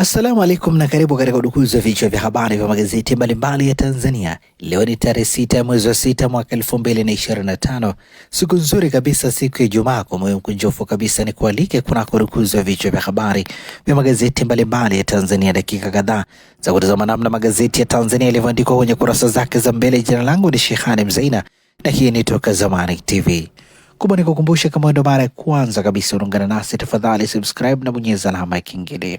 Assalamu alaikum na karibu katika udukuzi wa vichwa vya habari vya magazeti mbalimbali ya Tanzania. Leo ni tarehe sita ya mwezi wa sita mwaka elfu mbili na ishirini na tano. Siku nzuri kabisa, siku ya Ijumaa. Kwa moyo mkunjofu kabisa ni kualike kunako udukuzi wa vichwa vya habari vya magazeti mbalimbali ya Tanzania, dakika kadhaa za kutazama namna magazeti ya Tanzania yalivyoandikwa kwenye kurasa zake za mbele. Jina langu ni Shehani Mzaina na hii ni Toka Zamani TV. Kubwa ni kukumbusha, kama ndo mara ya kwanza kabisa unaungana nasi, tafadhali subscribe na bonyeza alama ya kengele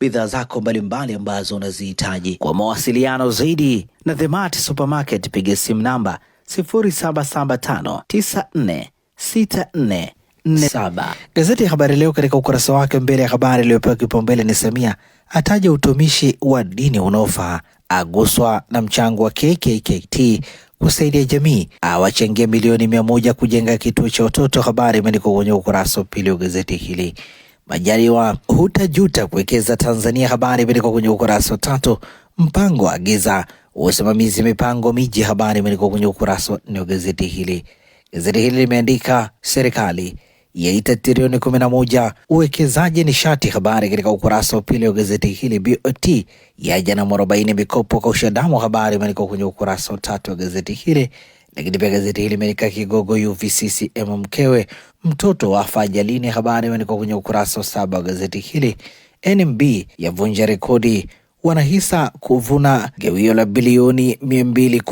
bidhaa zako mbalimbali ambazo unazihitaji. Kwa mawasiliano zaidi na The Mart Supermarket, piga simu namba 0775946447. Gazeti ya Habari Leo katika ukurasa wake mbele ya habari iliyopewa kipaumbele ni Samia ataja utumishi wa dini unaofaa, aguswa na mchango wa KKKT kusaidia jamii awachangia milioni mia moja kujenga kituo cha watoto. Habari imeandikwa kwenye ukurasa wa pili wa gazeti hili. Majaliwa, hutajuta kuwekeza Tanzania. Habari imeandikwa kwenye ukurasa wa tatu. Mpango agiza usimamizi mipango miji, habari imeandikwa kwenye ukurasa wa nne wa gazeti hili. Gazeti hili limeandika serikali yaita trilioni kumi na moja uwekezaji nishati, habari katika ukurasa wa pili wa gazeti hili. BOT yaja na mwarobaini mikopo kwa ushadamu, habari imeandikwa kwenye ukurasa wa tatu wa gazeti hili. Lakini pia gazeti hili imeandika kigogo UVCCM mkewe mtoto afa ajalini. Habari imeandikwa kwenye ukurasa wa saba wa gazeti hili. NMB yavunja rekodi wanahisa kuvuna gawio la bilioni mia mbili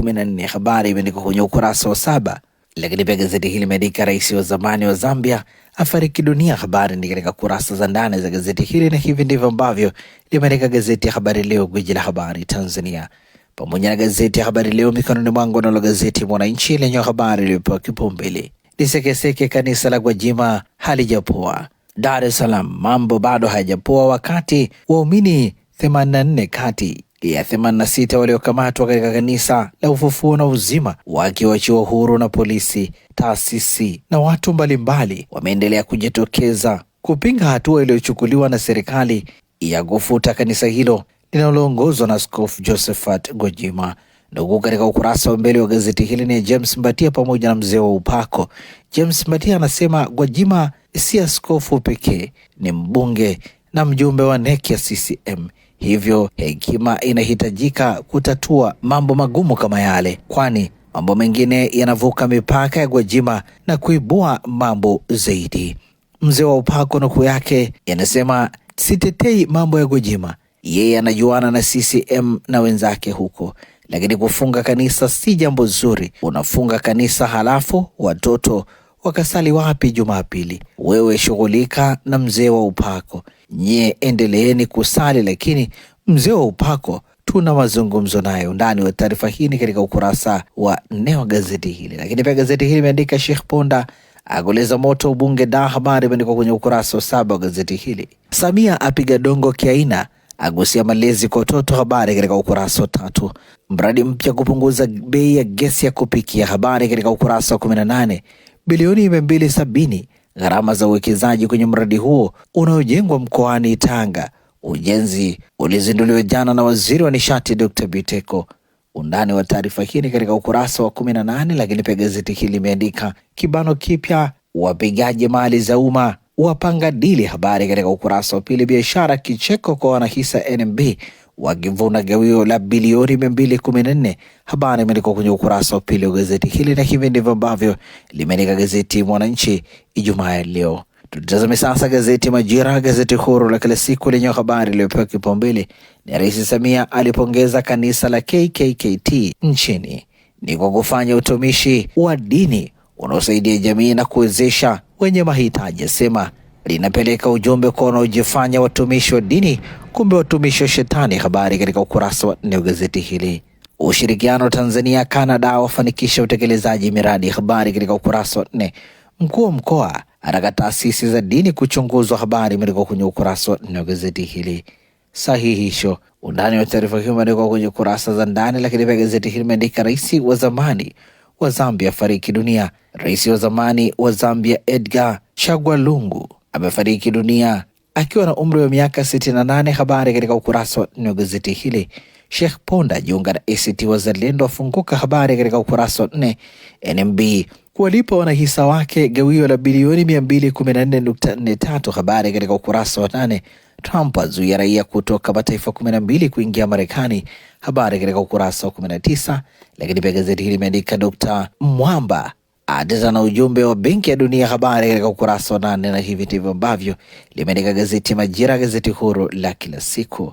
Habari imeandikwa kwenye ukurasa wa saba. Lakini pia gazeti hili medika rais wa zamani wa Zambia afariki dunia. Habari ni katika kurasa za ndani za gazeti hili, na hivi ndivyo ambavyo limeandika gazeti ya Habari Leo, gwiji la habari Tanzania pamoja na gazeti ya Habari Leo mikononi mwangu, nalo gazeti Mwananchi lenye habari iliyopewa kipaumbele ni sekeseke kanisa la Gwajima halijapoa. Dar es Salaam mambo bado hayajapoa, wakati waumini 84 kati ya 86 waliokamatwa katika kanisa la Ufufuo na Uzima wakiwachiwa huru na polisi. Taasisi na watu mbalimbali wameendelea kujitokeza kupinga hatua iliyochukuliwa na serikali ya kufuta kanisa hilo linaloongozwa na Askofu Josephat Gwajima. Ndugu, katika ukurasa wa mbele wa gazeti hili ni James Mbatia pamoja na mzee wa upako. James Mbatia anasema Gwajima si askofu pekee, ni mbunge na mjumbe wa NEC ya CCM, hivyo hekima inahitajika kutatua mambo magumu kama yale, kwani mambo mengine yanavuka mipaka ya Gwajima na kuibua mambo zaidi. Mzee wa upako, nukuu yake yanasema, sitetei mambo ya Gwajima yeye anajuana na CCM na wenzake huko, lakini kufunga kanisa si jambo zuri. Unafunga kanisa halafu watoto wakasali wapi Jumapili? Wewe shughulika na mzee wa upako, nyie endeleeni kusali, lakini mzee wa upako tuna mazungumzo naye. Undani wa taarifa hii ni katika ukurasa wa nne wa gazeti hili. Lakini pia gazeti hili limeandika Sheikh Ponda agoleza moto ubunge da, habari imeandikwa kwenye ukurasa wa saba wa gazeti hili. Samia apiga dongo kiaina agusia malezi kwa watoto, habari katika ukurasa wa tatu. Mradi mpya kupunguza bei ya gesi ya kupikia, habari katika ukurasa wa 18. Bilioni sabini gharama za uwekezaji kwenye mradi huo unaojengwa mkoani Tanga. Ujenzi ulizinduliwa jana na waziri wa nishati Dr. Biteko. Undani wa taarifa hii ni katika ukurasa wa 18. Lakini pia gazeti hili limeandika kibano kipya wapigaji mali za umma wapanga dili. Habari katika ukurasa wa pili, biashara kicheko kwa wanahisa NMB wakivuna gawio la bilioni mia mbili kumi na nne. Habari imeandikwa kwenye ukurasa wa pili wa gazeti hili, na hivi ndivyo ambavyo limeandika gazeti Mwananchi Ijumaa ya leo. Tutazame sasa gazeti Majira, gazeti huru la kila siku lenye habari iliyopewa kipaumbele ni Rais Samia alipongeza kanisa la KKKT nchini ni kwa kufanya utumishi wa dini unaosaidia jamii na kuwezesha wenye mahitaji, asema linapeleka ujumbe kwa wanaojifanya watumishi wa dini, kumbe watumishi wa shetani. Habari katika ukurasa wa nne wa gazeti hili. Ushirikiano Tanzania Canada wafanikisha utekelezaji miradi. Habari katika ukurasa wa nne. Mkuu wa mkoa ataka taasisi za dini kuchunguzwa. Habari imeandikwa kwenye ukurasa wa nne wa gazeti hili. Sahihisho undani wa taarifa hiyo imeandikwa kwenye kurasa za ndani, lakini pia gazeti hili imeandika rais wa zamani wa Zambia afariki dunia. Rais wa zamani wa Zambia Edgar Chagwa Lungu amefariki dunia akiwa na umri wa miaka 68. Habari katika ukurasa wa nne wa gazeti hili. Sheikh Ponda jiunga na ACT Wazalendo afunguka, habari katika ukurasa wa nne. NMB kuwalipa wanahisa wake gawio la bilioni 214.43, habari katika ukurasa wa nane. Trump azuia raia kutoka mataifa kumi na mbili kuingia Marekani. Habari katika ukurasa wa kumi na tisa Lakini pia gazeti hili limeandika Dr Mwamba ateta na ujumbe wa Benki ya Dunia. Habari katika ukurasa wa nane, na hivi ndivyo ambavyo limeandika gazeti Majira, gazeti huru la kila siku.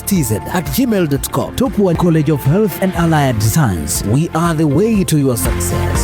stz at gmail.com. Topwan College of Health and Allied Science, we are the way to your success.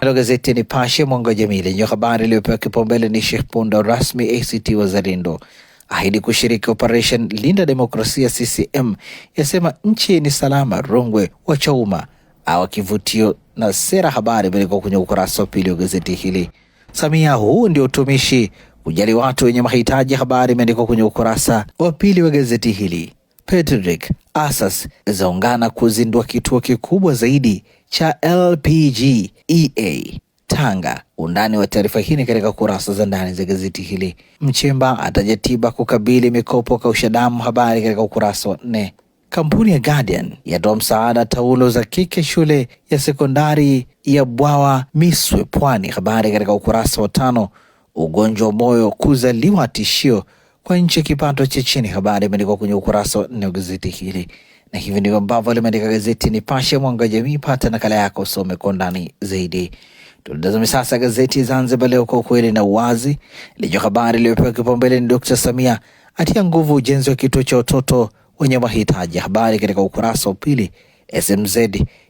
Nalo gazeti Nipashe mwanga wa jamii lenye habari iliyopewa kipaumbele ni Sheikh Ponda rasmi ACT Wazalendo ahidi kushiriki operation linda demokrasia, CCM yasema nchi ni salama. Rungwe wachauma awa kivutio na sera, habari meliko kwenye ukurasa wa pili wa gazeti hili. Samia, huu ndio utumishi kujali watu wenye mahitaji, habari imeandikwa kwenye ukurasa wa pili wa gazeti hili. Patrick Assas zaungana kuzindua kituo kikubwa zaidi cha LPGEA Tanga. Undani wa taarifa hii ni katika kurasa za ndani za gazeti hili. Mchemba ataja tiba kukabili mikopo kausha damu, habari katika ukurasa wa nne. Kampuni ya Guardian yatoa msaada taulo za kike shule ya sekondari ya Bwawa Miswe Pwani, habari katika ukurasa wa tano. Ugonjwa wa moyo kuzaliwa tishio kwa nchi ya kipato cha chini. Habari imeandikwa kwenye ukurasa wa nne wa gazeti hili, na hivi ndivyo ambavyo limeandika gazeti Nipashe Mwanga Jamii. Pata nakala yako usome kwa ndani zaidi. Tutazame sasa gazeti Zanzibar Leo, kwa ukweli na uwazi, lijo habari iliyopewa kipaumbele ni Dkt Samia atia nguvu ujenzi wa kituo cha watoto wenye mahitaji. Habari katika ukurasa wa pili. SMZ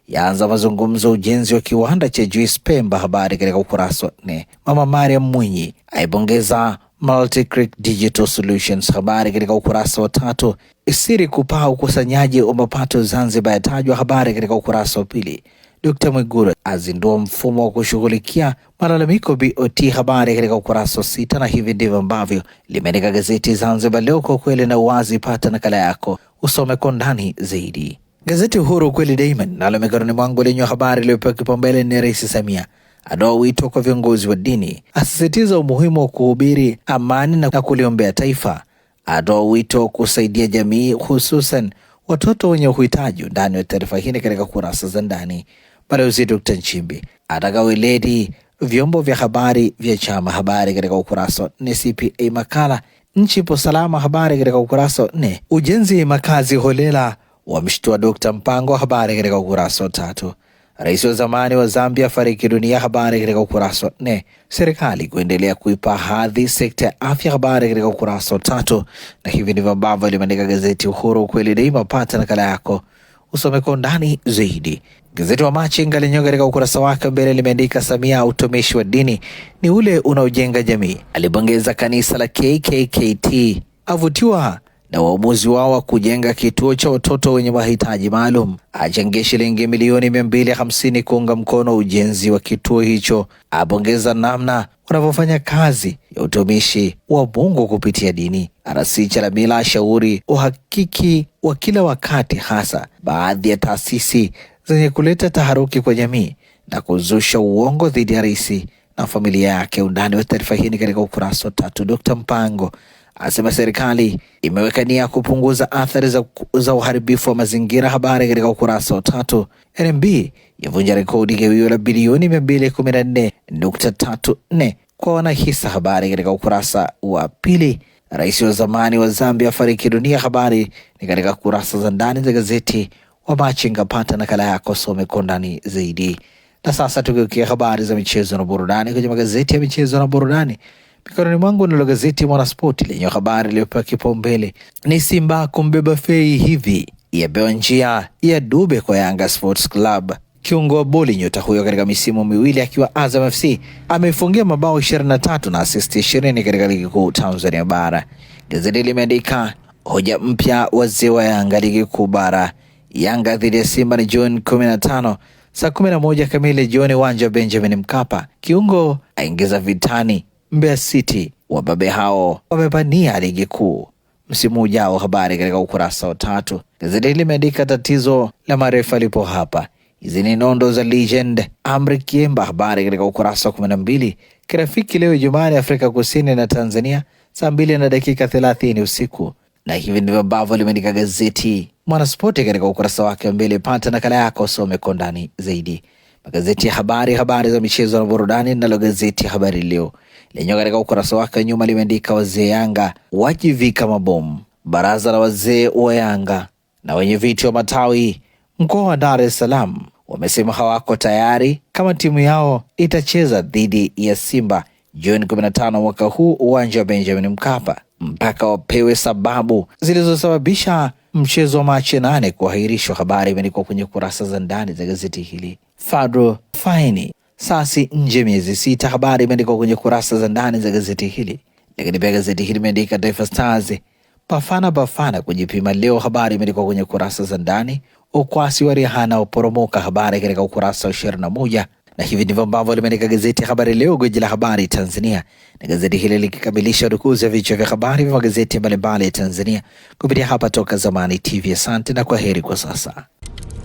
yaanza mazungumzo ujenzi wa kiwanda cha juisi Pemba. Habari katika ukurasa wa nne. Mama Mariam Mwinyi aipongeza Multicrick Digital Solutions. Habari katika ukurasa wa tatu. Siri kupaa ukusanyaji wa mapato Zanzibar yatajwa. Habari katika ukurasa wa pili. Dkt Mwigulu azindua mfumo wa kushughulikia malalamiko BOT. Habari katika ukurasa wa sita, na hivi ndivyo ambavyo limeandika gazeti Zanzibar Leo, kwa kweli na uwazi. Pata nakala yako usome kwa ndani zaidi. Gazeti Uhuru kweli daima nalo mikononi mwangu lenye habari iliyopewa kipaumbele ni Rais Samia anao wito kwa viongozi wa dini, asisitiza umuhimu wa kuhubiri amani na kuliombea taifa. Anao wito kusaidia jamii, hususan watoto wenye uhitaji. Ndani ya taarifa hii katika kurasa za ndani, Balozi Dr. Nchimbi ataka weledi vyombo vya habari vya chama. Habari katika ukurasa wa CPA makala nchi ipo salama, habari katika ukurasa wa nne. Ujenzi makazi holela wamshtua Dr. Mpango, habari katika ukurasa wa tatu. Rais wa zamani wa Zambia afariki dunia, habari katika ukurasa wa nne. Serikali kuendelea kuipa hadhi sekta ya afya, habari katika ukurasa wa tatu. Na hivi ndivyo ambavyo limeandika gazeti Uhuru, ukweli daima. Pata nakala yako usome kwa undani zaidi. Gazeti wa Machinga lenyewe katika ukurasa wake mbele limeandika Samia, utumishi wa dini ni ule unaojenga jamii, alipongeza kanisa la KKKT, avutiwa na uamuzi wao wa kujenga kituo cha watoto wenye mahitaji maalum, achangia shilingi milioni mia mbili hamsini kuunga mkono ujenzi wa kituo hicho, apongeza namna wanavyofanya kazi ya utumishi wa Mungu kupitia dini. RC Chalamila ashauri uhakiki wa kila wakati, hasa baadhi ya taasisi zenye kuleta taharuki kwa jamii na kuzusha uongo dhidi ya rais na familia yake. Undani wa taarifa hii ni katika ukurasa wa tatu. Mpango asema serikali imeweka nia kupunguza athari za, za uharibifu wa mazingira. Habari katika ukurasa wa tatu. NMB yavunja rekodi gawio la bilioni mia mbili kumi na nne nukta tatu nne kwa wanahisa. Habari katika ukurasa wa pili. Rais wa zamani wa Zambia afariki dunia. Habari ni katika kurasa za ndani za gazeti wa Machinga. Pata nakala yako, some kwa ndani zaidi. Na sasa tugeukia habari za michezo na burudani kwenye magazeti ya michezo na burudani. Mikononi mwangu nalo gazeti Mwanaspoti lenye habari iliyopewa kipaumbele ni Simba kumbeba Fei hivi yapewa njia ya dube kwa Yanga Sports Club. Kiungo wa boli nyota huyo katika misimu miwili akiwa Azam FC amefungia mabao 23 na asisti 20 katika ligi kuu Tanzania bara. Gazeti limeandika hoja mpya wazee wa Yanga ligi kuu bara, Yanga dhidi ya Simba ni Juni 15 saa 11 kamili jioni, uwanja wa Benjamin Mkapa. Kiungo aingiza vitani Mbeya City wababe hao wamepania ligi kuu msimu ujao. Habari katika ukurasa wa tatu. Gazeti hili limeandika tatizo la marefa lipo hapa, hizi ni nondo za legend Amri Kiemba. Habari katika ukurasa wa kumi na mbili. Kirafiki leo Ijumaa Afrika Kusini na Tanzania saa mbili na dakika thelathini usiku, na hivi ndivyo ambavyo limeandika gazeti Mwanaspoti katika ukurasa wake wa mbele. Pata nakala yako usome kwa ndani zaidi magazeti ya habari, habari za michezo na burudani, nalo gazeti Habari Leo lenyewe katika ukurasa wake nyuma limeandika wazee Yanga wajivika mabomu. Baraza la wazee wa Yanga na wenye viti wa matawi mkoa wa Dar es Salaam wamesema hawako tayari kama timu yao itacheza dhidi ya Simba Juni 15 mwaka huu uwanja wa Benjamin Mkapa mpaka wapewe sababu zilizosababisha mchezo wa Machi nane kuahirishwa. Habari imeandikwa kwenye kurasa za ndani za gazeti hili. Fadro Faini sasi nje miezi sita. Habari imeandikwa kwenye kurasa za ndani za gazeti hili, lakini pia gazeti hili imeandika Taifa Stars Bafana Bafana kujipima leo. Habari imeandikwa kwenye kurasa za ndani. Ukwasi wa Rihanna uporomoka, habari katika ukurasa wa ishirini na moja na hivi ndivyo ambavyo limeandika gazeti ya Habari Leo, gwiji la habari Tanzania, na gazeti hili likikamilisha rukuzi ya vichwa vya habari vya magazeti mbalimbali ya Tanzania kupitia hapa Toka Zamani TV. Asante na kwa heri kwa sasa.